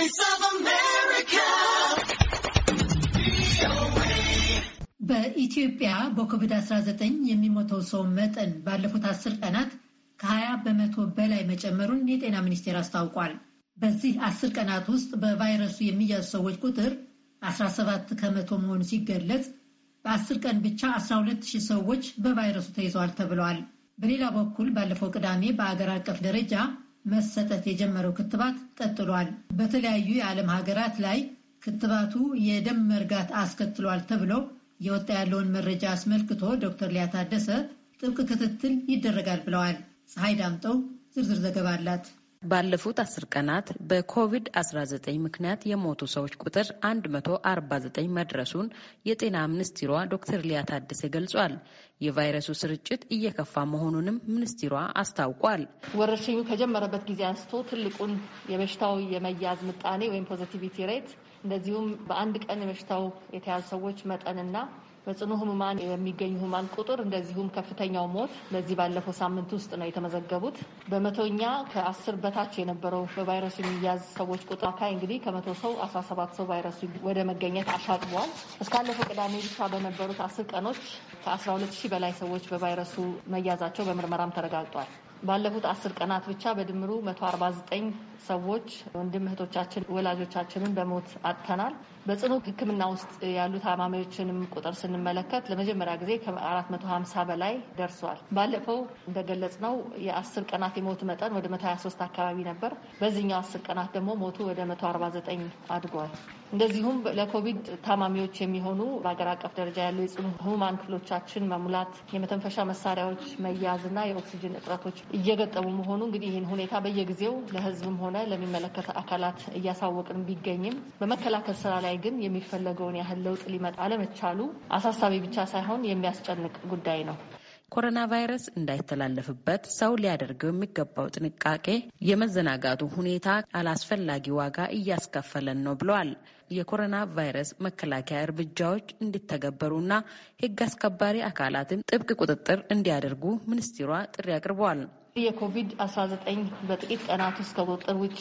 Voice of America. በኢትዮጵያ በኮቪድ-19 የሚሞተው ሰው መጠን ባለፉት አስር ቀናት ከ20 በመቶ በላይ መጨመሩን የጤና ሚኒስቴር አስታውቋል። በዚህ አስር ቀናት ውስጥ በቫይረሱ የሚያዙ ሰዎች ቁጥር 17 ከመቶ መሆኑ ሲገለጽ በአስር ቀን ብቻ 12 ሺህ ሰዎች በቫይረሱ ተይዘዋል ተብለዋል። በሌላ በኩል ባለፈው ቅዳሜ በአገር አቀፍ ደረጃ መሰጠት የጀመረው ክትባት ቀጥሏል። በተለያዩ የዓለም ሀገራት ላይ ክትባቱ የደም መርጋት አስከትሏል ተብሎ የወጣ ያለውን መረጃ አስመልክቶ ዶክተር ሊያ ታደሰ ጥብቅ ክትትል ይደረጋል ብለዋል። ፀሐይ ዳምጠው ዝርዝር ዘገባ አላት። ባለፉት አስር ቀናት በኮቪድ-19 ምክንያት የሞቱ ሰዎች ቁጥር 149 መድረሱን የጤና ሚኒስትሯ ዶክተር ሊያ ታደሰ ገልጿል። የቫይረሱ ስርጭት እየከፋ መሆኑንም ሚኒስትሯ አስታውቋል። ወረርሽኙ ከጀመረበት ጊዜ አንስቶ ትልቁን የበሽታው የመያዝ ምጣኔ ወይም ፖዘቲቪቲ ሬት እንደዚሁም በአንድ ቀን የበሽታው የተያዙ ሰዎች መጠንና በጽኑ ህሙማን የሚገኙ ህሙማን ቁጥር እንደዚሁም ከፍተኛው ሞት በዚህ ባለፈው ሳምንት ውስጥ ነው የተመዘገቡት። በመቶኛ ከአስር በታች የነበረው በቫይረሱ የሚያዝ ሰዎች ቁጥር አካይ እንግዲህ ከመቶ ሰው አስራ ሰባት ሰው ቫይረሱ ወደ መገኘት አሻቅቧል። እስካለፈው ቅዳሜ ብቻ በነበሩት አስር ቀኖች ከአስራ ሁለት ሺህ በላይ ሰዎች በቫይረሱ መያዛቸው በምርመራም ተረጋግጧል። ባለፉት አስር ቀናት ብቻ በድምሩ መቶ አርባ ዘጠኝ ሰዎች ወንድም እህቶቻችን፣ ወላጆቻችንን በሞት አጥተናል። በጽኑ ሕክምና ውስጥ ያሉ ታማሚዎችንም ቁጥር ስንመለከት ለመጀመሪያ ጊዜ ከ450 በላይ ደርሷል። ባለፈው እንደገለጽ ነው የአስር ቀናት የሞት መጠን ወደ 23 አካባቢ ነበር። በዚህኛው አስር ቀናት ደግሞ ሞቱ ወደ 149 አድጓል። እንደዚሁም ለኮቪድ ታማሚዎች የሚሆኑ በሀገር አቀፍ ደረጃ ያሉ የጽኑ ህሙማን ክፍሎቻችን መሙላት፣ የመተንፈሻ መሳሪያዎች መያዝ እና የኦክሲጅን እጥረቶች እየገጠሙ መሆኑ እንግዲህ ይህን ሁኔታ በየጊዜው ለህዝብም ሆነ ለሚመለከተ አካላት እያሳወቅን ቢገኝም በመከላከል ስራ ላይ ላይ ግን የሚፈለገውን ያህል ለውጥ ሊመጣ አለመቻሉ አሳሳቢ ብቻ ሳይሆን የሚያስጨንቅ ጉዳይ ነው። ኮሮና ቫይረስ እንዳይተላለፍበት ሰው ሊያደርገው የሚገባው ጥንቃቄ የመዘናጋቱ ሁኔታ አላስፈላጊ ዋጋ እያስከፈለን ነው ብለዋል። የኮሮና ቫይረስ መከላከያ እርምጃዎች እንዲተገበሩና ሕግ አስከባሪ አካላትም ጥብቅ ቁጥጥር እንዲያደርጉ ሚኒስትሯ ጥሪ አቅርበዋል። የኮቪድ-19 በጥቂት ቀናት ውስጥ ከቁጥጥር ውጭ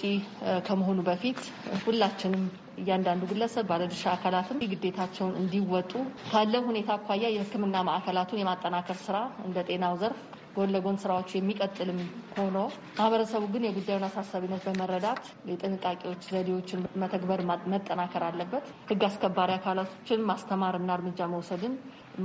ከመሆኑ በፊት ሁላችንም እያንዳንዱ ግለሰብ ባለድርሻ አካላትም ግዴታቸውን እንዲወጡ ካለው ሁኔታ አኳያ የሕክምና ማዕከላቱን የማጠናከር ስራ እንደ ጤናው ዘርፍ ጎን ለጎን ስራዎቹ የሚቀጥልም ሆኖ ማህበረሰቡ ግን የጉዳዩን አሳሳቢነት በመረዳት የጥንቃቄዎች ዘዴዎችን መተግበር መጠናከር አለበት። ህግ አስከባሪ አካላቶችን ማስተማርና እርምጃ መውሰድን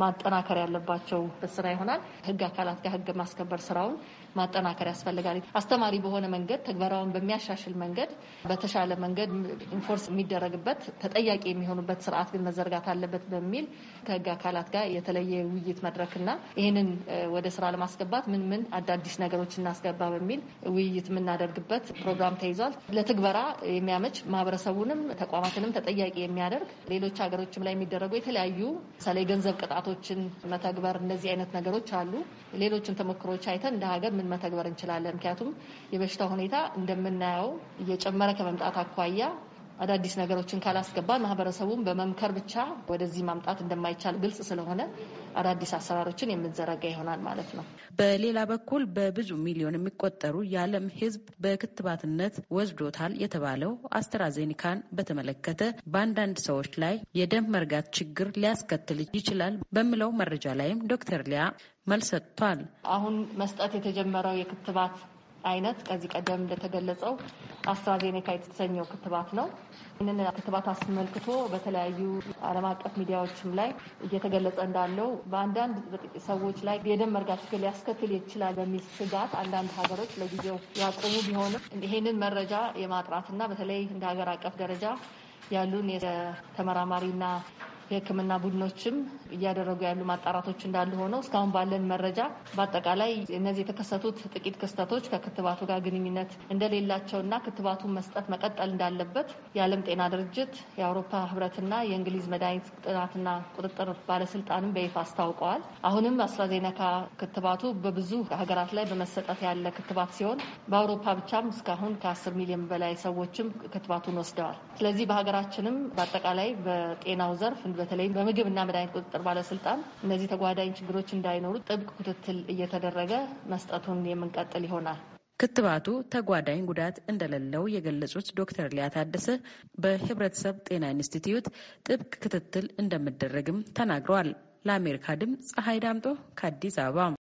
ማጠናከር ያለባቸው ስራ ይሆናል። ህግ አካላት ጋር ህግ ማስከበር ስራውን ማጠናከር ያስፈልጋል። አስተማሪ በሆነ መንገድ ተግበራውን በሚያሻሽል መንገድ በተሻለ መንገድ ኢንፎርስ የሚደረግበት ተጠያቂ የሚሆኑበት ስርዓት ግን መዘርጋት አለበት በሚል ከህግ አካላት ጋር የተለየ ውይይት መድረክና ይህንን ወደ ስራ ለማስገባት ምን ምን አዳዲስ ነገሮች እናስገባ በሚል ውይይት የምናደርግበት ፕሮግራም ተይዟል። ለትግበራ የሚያመች ማህበረሰቡንም ተቋማትንም ተጠያቂ የሚያደርግ ሌሎች ሀገሮችም ላይ የሚደረጉ የተለያዩ ሳላይ ገንዘብ ቅጣ ስርዓቶችን መተግበር እንደዚህ አይነት ነገሮች አሉ። ሌሎችን ተሞክሮች አይተን እንደ ሀገር ምን መተግበር እንችላለን? ምክንያቱም የበሽታ ሁኔታ እንደምናየው እየጨመረ ከመምጣት አኳያ አዳዲስ ነገሮችን ካላስገባ ማህበረሰቡን በመምከር ብቻ ወደዚህ ማምጣት እንደማይቻል ግልጽ ስለሆነ አዳዲስ አሰራሮችን የምንዘረጋ ይሆናል ማለት ነው። በሌላ በኩል በብዙ ሚሊዮን የሚቆጠሩ የዓለም ሕዝብ በክትባትነት ወስዶታል የተባለው አስትራዜኒካን በተመለከተ በአንዳንድ ሰዎች ላይ የደም መርጋት ችግር ሊያስከትል ይችላል በሚለው መረጃ ላይም ዶክተር ሊያ መልስ ሰጥቷል። አሁን መስጠት የተጀመረው የክትባት አይነት ከዚህ ቀደም እንደተገለጸው አስትራዜኔካ የተሰኘው ክትባት ነው። ይህንን ክትባት አስመልክቶ በተለያዩ ዓለም አቀፍ ሚዲያዎችም ላይ እየተገለጸ እንዳለው በአንዳንድ ሰዎች ላይ የደም መርጋት ችግር ሊያስከትል ይችላል በሚል ስጋት አንዳንድ ሀገሮች ለጊዜው ያቆሙ ቢሆንም ይህንን መረጃ የማጥራትና በተለይ እንደ ሀገር አቀፍ ደረጃ ያሉን የተመራማሪና የሕክምና ቡድኖችም እያደረጉ ያሉ ማጣራቶች እንዳሉ ሆነው እስካሁን ባለን መረጃ በአጠቃላይ እነዚህ የተከሰቱት ጥቂት ክስተቶች ከክትባቱ ጋር ግንኙነት እንደሌላቸውና ክትባቱን መስጠት መቀጠል እንዳለበት የዓለም ጤና ድርጅት የአውሮፓ ሕብረትና የእንግሊዝ መድኃኒት ጥናትና ቁጥጥር ባለስልጣንም በይፋ አስታውቀዋል። አሁንም አስትራዜነካ ክትባቱ በብዙ ሀገራት ላይ በመሰጠት ያለ ክትባት ሲሆን በአውሮፓ ብቻም እስካሁን ከአስር ሚሊዮን በላይ ሰዎችም ክትባቱን ወስደዋል። ስለዚህ በሀገራችንም በአጠቃላይ በጤናው ዘርፍ ዘንድ በተለይም በምግብና መድኃኒት ቁጥጥር ባለስልጣን እነዚህ ተጓዳኝ ችግሮች እንዳይኖሩ ጥብቅ ክትትል እየተደረገ መስጠቱን የምንቀጥል ይሆናል። ክትባቱ ተጓዳኝ ጉዳት እንደሌለው የገለጹት ዶክተር ሊያ ታደሰ በህብረተሰብ ጤና ኢንስቲትዩት ጥብቅ ክትትል እንደሚደረግም ተናግረዋል። ለአሜሪካ ድምፅ ፀሐይ ዳምጦ ከአዲስ አበባ